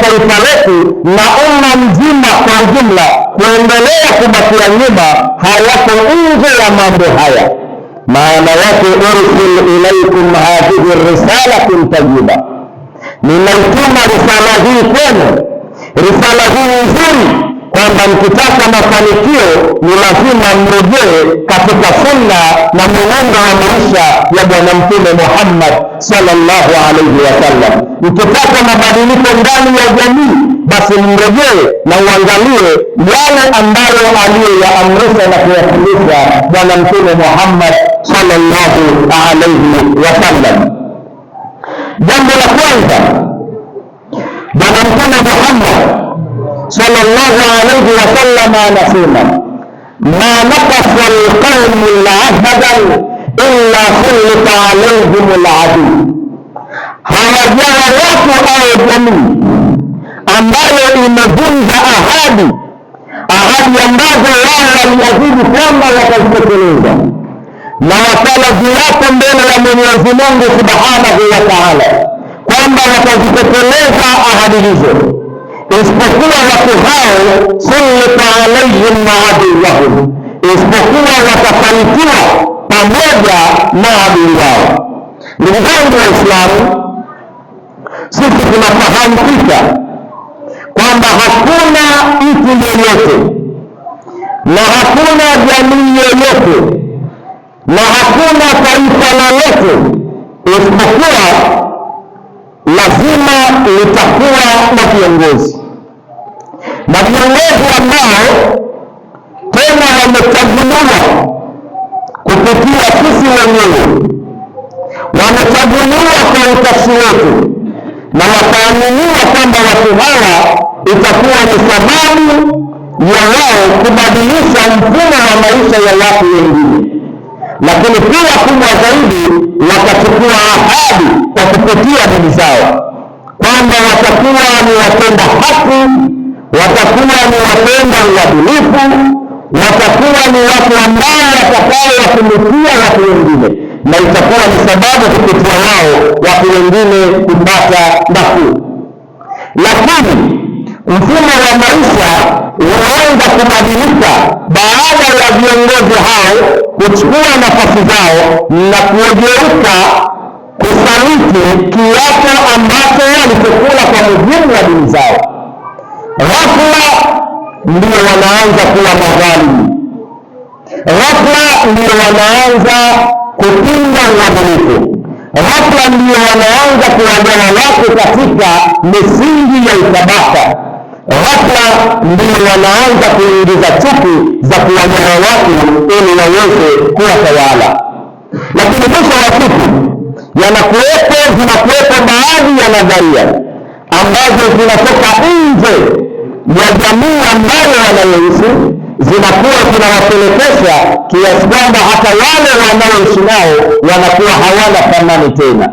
taifa letu na umma mzima kwa jumla kuendelea kubakia nyuma hayako nje ya mambo haya. Maana yake ursil ilaikum hadhihi risalatu tajiba, ninaituma risala hii kwenu, risala hii nzuri kwamba mkitaka mafanikio ni lazima mrejee katika sunna na mwenendo wa maisha ya Bwana Mtume Muhammad sallallahu alaihi wasallam. Mkitaka mabadiliko ndani ya jamii, basi mrejee na uangalie yale ambayo aliyoyaamrisha na kuyafundisha Bwana Mtume Muhammad sallallahu alaihi wasallam. Jambo la kwanza, Bwana Mtume Muhammad sallallahu alayhi wasallam anasema ma naqasa alqaumu lahadan illa sullita alaihim aladui, hawajawa watu au jamii ambayo imevunja ahadi, ahadi ambazo wao waliahidi kwamba watazitekeleza na watalazimapo mbele ya Mwenyezi Mungu subhanahu wa taala kwamba watazitekeleza ahadi hizo isipokuwa watu hao sullita alaihim maaduwahum, isipokuwa watafanikiwa pamoja na adui wao. Ndugu zangu Waislamu, sisi tunafahamu fika kwamba hakuna mtu yeyote na hakuna jamii yoyote na hakuna taifa lolote isipokuwa lazima litakuwa na viongozi na viongozi ambao tena wamechaguliwa kupitia sisi wenyewe, wamechaguliwa kwa utasi wetu na wakaaminiwa kwamba watu hawa itakuwa ni sababu ya wao kubadilisha mfumo wa maisha ya watu wengine, lakini pia kubwa zaidi, wakachukua ahadi kwa kupitia dini zao kwamba watakuwa ni watenda haki watakuwa ni wapenda uadilifu, watakuwa ni watu ambao wakumikia watu wengine, na itakuwa ni sababu kupitia wao watu wengine kupata nafuu. Lakini mfumo wa maisha unaanza kubadilika baada ya viongozi hao kuchukua nafasi zao na kugeuka kusaliti kiapo ambacho walikokula kwa mujibu wa dini zao. Ghafla ndio wanaanza kuwa madhalimu, ghafla ndio wanaanza kupinga uadilifu rafla ndio wanaanza kuwagawa watu katika misingi ya utabaka. Hapa ndio wanaanza kuingiza chuki za kuwagawa watu ili waweze kuwa tawala, lakini mwisho wa siku yanakuwepo, zinakuwepo baadhi ya nadharia ambazo zinatoka nje ya jamii ambayo wanayoishi zinakuwa zinawapelekesha kiasi kwamba hata wale wanaoishi nao wanakuwa hawana thamani tena.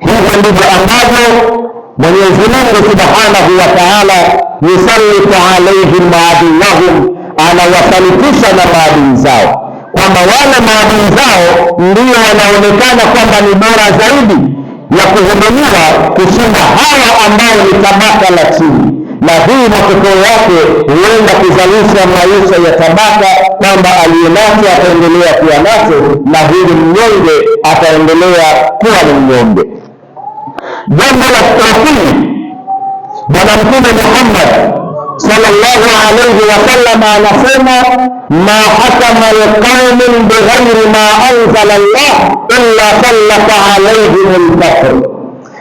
Hivyo ndivyo ambavyo Mwenyezi Mungu subhanahu wa taala yusalitu alaihim maaduwahum, anawasalitisha na maadui zao kwamba wale maadui zao ndio wanaonekana kwamba ni bora zaidi ya kuhudumiwa kushinda hawa ambao ni tabaka la chini na hii matokeo yake huenda kuzalisha maisha ya tabaka kwamba aliyenacho ataendelea kuwa nacho na huyu mnyonge ataendelea kuwa ni mnyonge. Jambo la thelathini, Bwana Mtume Muhammad sallallahu alaihi wasalama anasema, ma hakama lqaumin bighairi ma anzala llah illa sallata alaihim lkafr,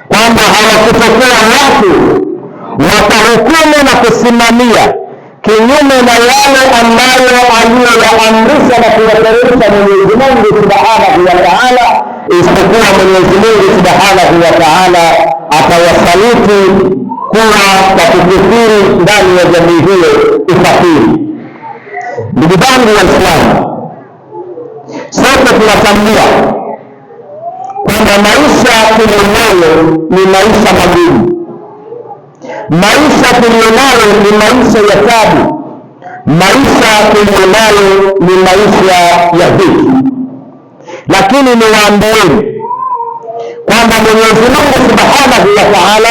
kwamba hawakutokea watu watahukumu na kusimamia kinyume na yale ambayo aliyoyaamrisha na kuyateremsha Mwenyezi Mungu subhanahu wa taala, isipokuwa Mwenyezi Mungu subhanahu wa taala atawasaliti kuwa kwa kukufiri ndani ya jamii hiyo ukafiri. Ndugu zangu Waislamu, sote tunatambua kwamba maisha tuliyonayo ni maisha magumu Maisha tuliyonayo ni maisha ya tabu, maisha tuliyonayo ni maisha ya dhiki, lakini niwaambieni kwamba Mwenyezi Mungu Subhanahu wa Ta'ala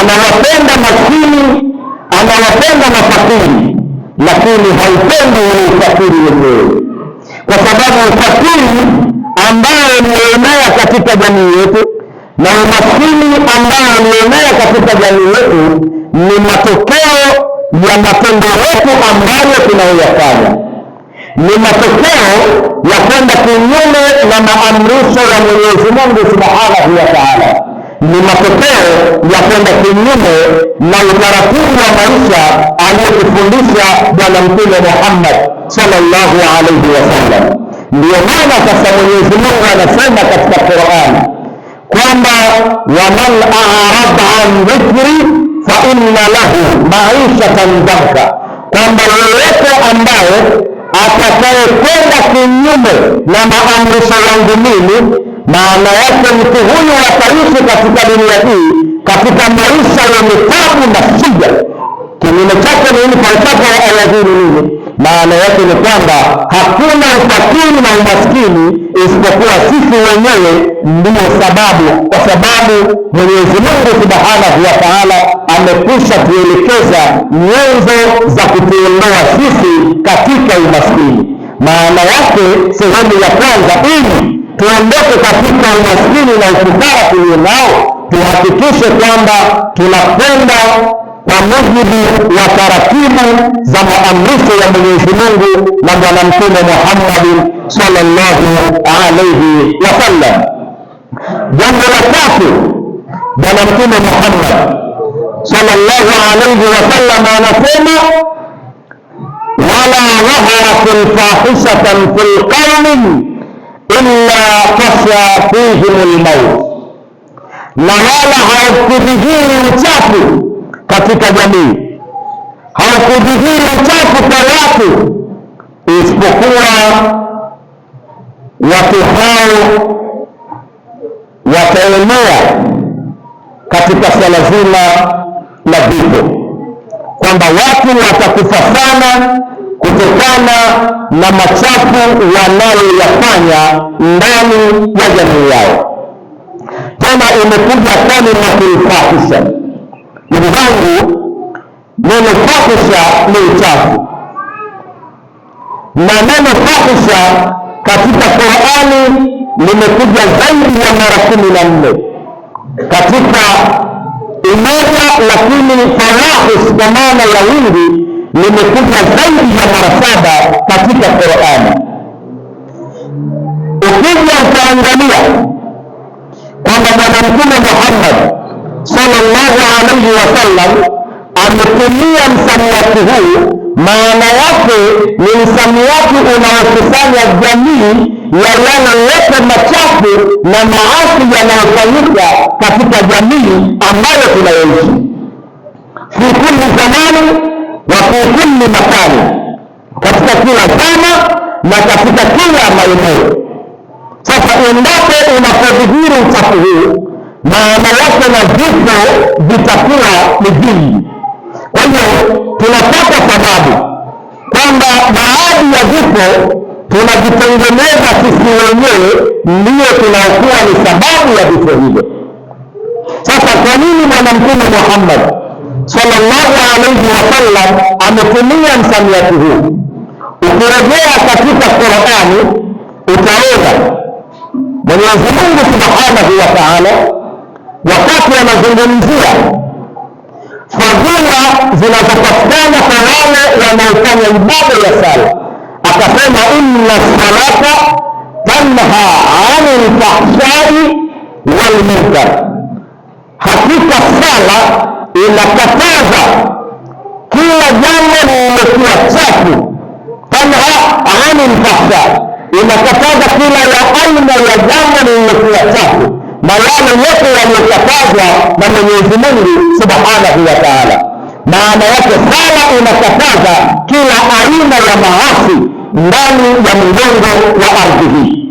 anawapenda maskini, anawapenda mafakiri, lakini haupendi ule ufakiri wenyewe, kwa sababu ufakiri ambayo nionayo katika jamii yetu na umaskini ambayo ameenea katika jamii yetu ni matokeo ya matendo yetu ambayo tunayoyafanya, ni matokeo ya kwenda kinyume na maamrisho ya Mwenyezi Mungu subhanahu wa taala, ni matokeo ya kwenda kinyume na utaratibu wa maisha aliyotufundisha Bwana Mtume Muhammad sallallahu alaihi wasallam. Ndiyo maana sasa Mwenyezi Mungu anasema katika Qurani kwamba waman arada an dhikri fa inna lahu maishatan dhanka, kwamba yeyote ambaye atakayekwenda kinyume na maamrisho yangu mimi, maana yake mtu huyu ataishi katika dunia hii katika maisha yenye tabu na shida. Kinyume chake ni Falsafa ya Ayazini nini? Maana yake ni kwamba hakuna utakini na umaskini isipokuwa sisi wenyewe ndio sababu, kwa sababu Mwenyezi Mungu Subhanahu wa Ta'ala amekwisha tuelekeza nyenzo za kutuondoa sisi katika umaskini. Maana yake sehemu ya kwanza, ili tuondoke katika umaskini na ufukara tulio nao, tuhakikishe kwamba tunakwenda kwa mujibu wa taratibu za maamrisho ya Mwenyezi Mungu na Bwana Mtume Muhammad sallallahu alaihi wasallam. Jambo la tatu, Bwana Mtume Muhammad sallallahu alaihi wasallam anasema wala yahraku fahishatan fil qaumin illa kasha fihim lmaut, na wala haukudhihiri uchafu katika jamii, haukudhihiri uchafu kwa watu, isipokuwa watu hao wataenea katika swala zima la vifo, kwamba watu watakufa sana kutokana na machafu wanayoyafanya ndani ya jamii yao. Tena imekuja kalima kulfahisha Ndugu zangu, neno fahisha ni uchafu, na neno fahisha katika Qurani limekuja zaidi ya mara kumi na nne katika umoja, lakini farahis kwa maana ya wingi limekuja zaidi ya mara saba katika Qurani. Ukija utaangalia kwamba Bwana Mtume Muhammad sallallahu alaihi wasallam ametumia msamiati huu, maana yake ni msamiati unaokusanya jamii ya yale yote machafu na maasi yanayofanyika katika jamii ambayo tunayoishi, fi kulli zamani wa fi kulli makani, katika kila zama na katika kila maeneo. Sasa endapo unapodhihiri uchafu huu maana yake na vifo vitakuwa ni vingi. Kwa hiyo tunapata sababu kwamba baadhi ya vifo tunajitengeneza sisi wenyewe, ndiyo tunaokuwa ni sababu ya vifo hivyo. Sasa kwa nini Bwana Mtume Muhammad sallallahu alaihi wasallam ametumia msamiati huu? Ukirejea katika Qurani utaona Mwenyezi Mungu subhanahu wa taala wakati anazungumzia fadhila zinazopatikana kwa wale wanaofanya ibada ya sala, akasema inna salata tanha ani lfahshai walmunkar, hakika sala inakataza kila jambo lililokuwa chafu. Tanha ani lfahshai, inakataza kila ya aina ya jambo lililokuwa chafu maana yote yaliyokatazwa na Mwenyezi Mungu subhanahu wa taala. Maana yake sala inakataza kila aina ya maasi ndani ya mgongo wa ardhi hii,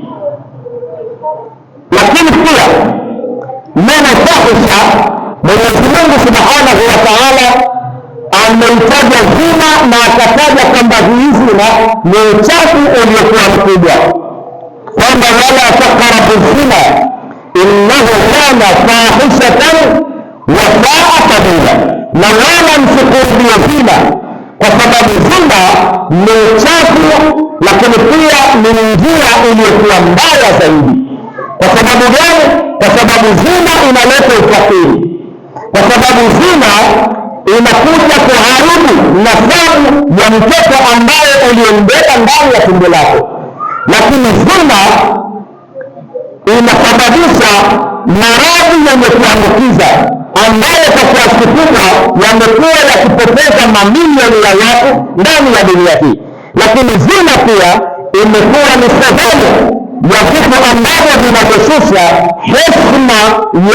lakini pia neno fahisha Mwenyezi Mungu subhanahu wa taala ameitaja zina na akataja kwamba hii zina ni uchafu uliokuwa mkubwa, kwamba wala takarabu zina kana fahishatan wa saa sabila, na wala msikurudie zina, kwa sababu zina ni uchafu, lakini pia ni njia iliyokuwa mbaya zaidi. Kwa sababu gani? Kwa sababu zina inaleta ukafiri, kwa sababu zina inakuja kuharibu nasabu ya mtoto ambaye uliombeba ndani ya tumbo lako, lakini zina inasababisha maradhi yenye kuambukiza ambayo kwa kiasi kikubwa yamekuwa yakipoteza mamilioni ya watu ndani ya dunia hii, lakini zina pia imekuwa ni sababu ya vitu ambavyo vinavyoshusha heshima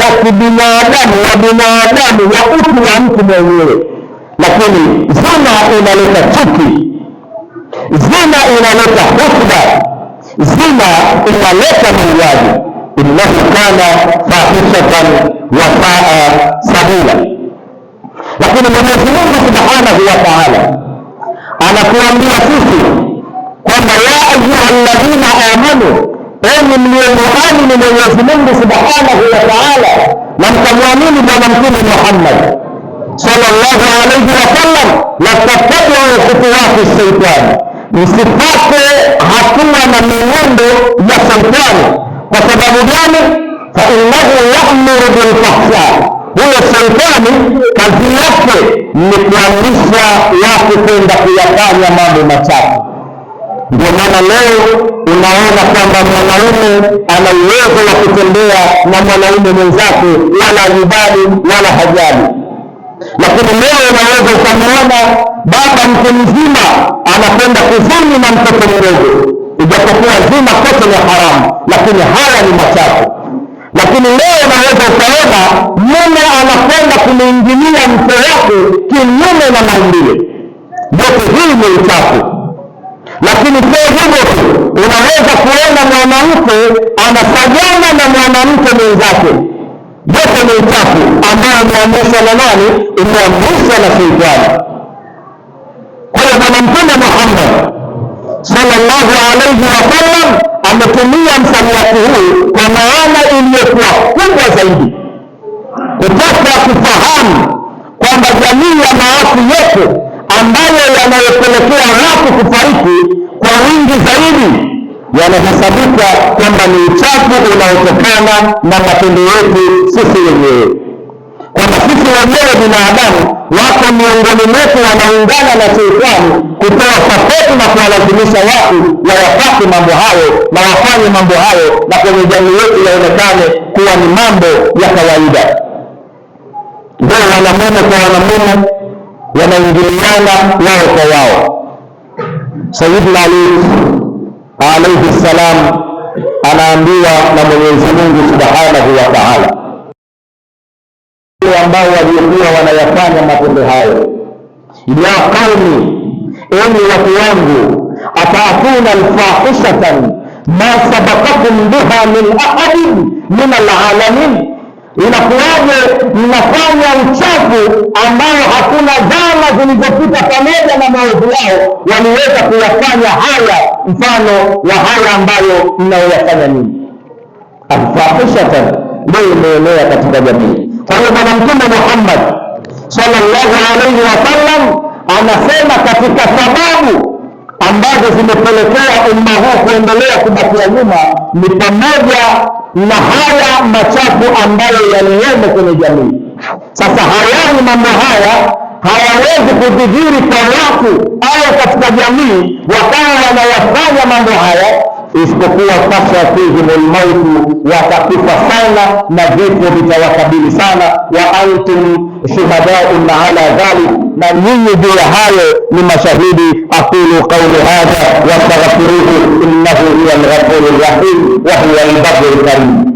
ya kibinadamu ya binadamu ya utu wa mtu mwenyewe. Lakini zina inaleta chuki, zina inaleta husuda, zina inaleta mauaji innahu kana fahishatan wa saa sabila. Lakini Mwenyezi Mungu subhanahu wa taala anakuambia sisi kwamba ya ayuha alladhina amanu, enyi mliomuamini Mwenyezi Mungu subhanahu wa taala na mkamwamini Bwana Mtume Muhammad sallallahu alayhi wasallam, la tattabiu khutuwati shaitani, msipate hatua na miundo ya shaitani kwa sababu gani? fa innahu ya'muru bil fahsha, huyo shetani kazi yake ni kuamrisha watu kwenda kuyafanya mambo machafu. Ndio maana leo unaona kwamba mwanaume ana uwezo wa kutembea na mwanaume mwenzake, wala ajibali wala hajali. Lakini leo unaweza ukamwona baba mtu mzima anakwenda kuzini na mtoto mdogo ijapokuwa zima kote ni haramu, lakini haya ni machafu. Lakini leo unaweza ukaona mume anakwenda kumwingilia mke wake kinyume na maumbile, yote hii ni uchafu. Lakini sio hivyo tu, unaweza kuona mwanamke anasajana na mwanamke mwenzake, yote ni uchafu ambayo imeamrishwa na nani? Imeamrishwa na Sheitani. Kwa hiyo Bwana Mtume sallallahu alaihi wasallam ametumia msamiati huu kwa maana iliyokuwa kubwa zaidi, kutaka kufahamu kwamba jamii ya maasi yote ambayo yanayopelekea watu kufariki kwa wingi zaidi yanahesabika kwamba ni uchafu unaotokana na matendo yetu sisi wenyewe kwamba sisi wenyewe binadamu wako miongoni mwetu wanaungana na Sheitani kutoa sapoti na kuwalazimisha watu wayafate mambo hayo na wafanye mambo hayo, na kwenye jamii yetu yaonekane kuwa ni mambo ya kawaida. Ndio wanamume kwa wanamume wanaingiliana wao kwa wao. sayidna Ali alaihi salam anaambiwa na Mwenyezi Mungu subhanahu wa taala ambao waliokuwa wanayafanya matendo hayo. Ya qaumi, enyi watu wangu, ataatuna alfahishatan ma sabakakum biha min ahadin min alalamin, inakuwaje mnafanya uchafu ambao hakuna zama zilizopita pamoja na maovu yao waliweza kuyafanya haya, mfano wa haya ambayo mnayoyafanya nini? Alfahishatan ndio imeenea katika jamii kwa hiyo Bwana Mtume Muhammad sallallahu alaihi wasallam anasema katika sababu ambazo zimepelekea umma huu kuendelea kubakia nyuma ni pamoja na haya machafu ambayo yaliyomo kwenye jamii. Sasa hayani mambo haya hayawezi kudhihiri kwa watu au katika jamii wakawa wanayafanya mambo haya isipokuwa tasafihimul mautu, watakufa sana na vifo vitawakabili sana. Wa antum shuhadaun ala dhalik, na nyinyi juu ya hayo ni mashahidi. Aqulu qauli hadha wastaghfiruhu innahu huwa lghafuru rahim wa huwa lkarim.